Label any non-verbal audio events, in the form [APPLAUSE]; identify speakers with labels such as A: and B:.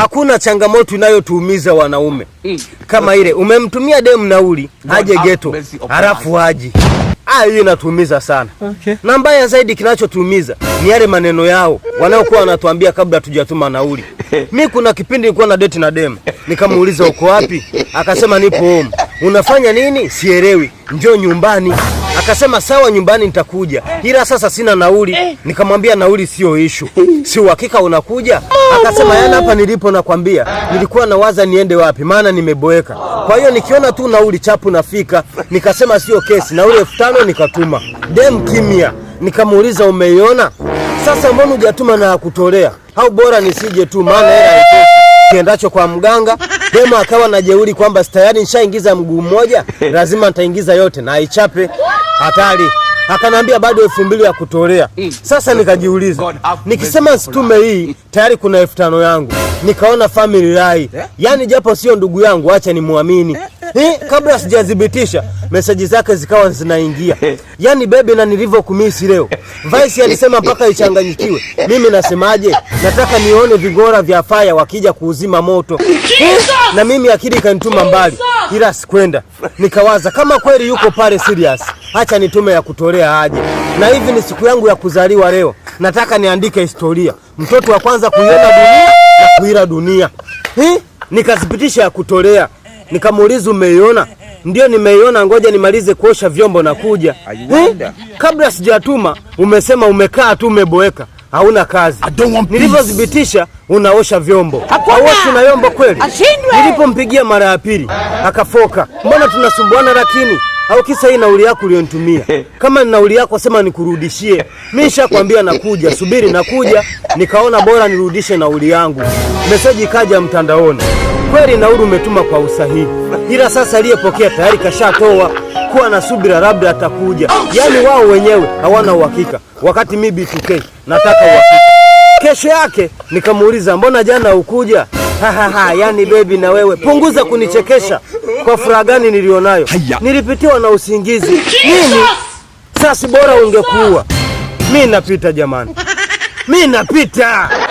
A: hakuna changamoto inayotuumiza wanaume mm. kama ile umemtumia demu nauli aje geto halafu aji Ah, hiyo inatuumiza sana okay. Na mbaya zaidi kinachotuumiza ni yale maneno yao wanayokuwa wanatuambia kabla tujatuma nauli. [LAUGHS] Mi kuna kipindi nilikuwa na deti na demu, nikamuuliza uko wapi, akasema nipo home. Unafanya nini? Sielewi, njoo nyumbani. Akasema sawa, nyumbani nitakuja, ila sasa sina nauli. Eh. Nikamwambia nauli sio ishu, si uhakika unakuja? Akasema yana hapa nilipo, nakwambia nilikuwa nawaza niende wapi, maana nimeboeka. Kwa hiyo nikiona tu nauli chapu nafika. Nikasema sio kesi, nauli elfu tano nikatuma. Dem kimya, nikamuuliza umeiona? Sasa mbona hujatuma na kutolea? Au bora nisije tu, maana hela haitoshi kiendacho kwa mganga. Dema akawa na jeuri kwamba tayari nishaingiza mguu mmoja, lazima nitaingiza yote na aichape hatari akanambia bado elfu mbili ya kutolea. Mm. Sasa nikajiuliza, nikisema situme hii tayari kuna elfu tano yangu. Nikaona family rai, eh? yaani japo sio ndugu yangu, acha nimwamini. Eh? hii kabla sijadhibitisha meseji zake zikawa zinaingia, yaani bebe na nilivyokumisi leo. Vice alisema mpaka ichanganyikiwe. Mimi nasemaje? Nataka nione vigora vya faya wakija kuuzima moto na mimi akili kanituma mbali, ila sikwenda. Nikawaza kama kweli yuko pale serious, acha nitume ya kutolea aje. Na hivi ni siku yangu ya kuzaliwa leo, nataka niandike historia, mtoto wa kwanza kuiona dunia na kuila dunia. Hii nikazipitisha ya kutolea Nikamuuliza umeiona? Ndio, nimeiona, ngoja nimalize kuosha vyombo na kuja. Eh? Kabla sijatuma umesema umekaa tu umeboeka, hauna kazi. Nilivyothibitisha unaosha vyombo. Hauoshi na vyombo kweli? Nilipompigia mara ya pili akafoka, mbona tunasumbuana lakini au kisa hii nauli yako ulionitumia? [LAUGHS] Kama ni nauli yako sema nikurudishie. Mimi nishakwambia nakuja, subiri nakuja. Nikaona bora nirudishe nauli yangu. Meseji kaja mtandaoni. Kweli Nauru umetuma kwa usahihi, ila sasa aliyepokea tayari kashatoa. Kuwa na subira, labda atakuja. Yaani wao wenyewe hawana uhakika, wakati mi B2K nataka uhakika. Kesho yake nikamuuliza, mbona jana ukuja? Hahaha, yaani bebi, na wewe punguza kunichekesha. Kwa furaha gani nilionayo? Nilipitiwa na usingizi mimi Sasi bora ungekuua. Mi napita jamani, mi napita.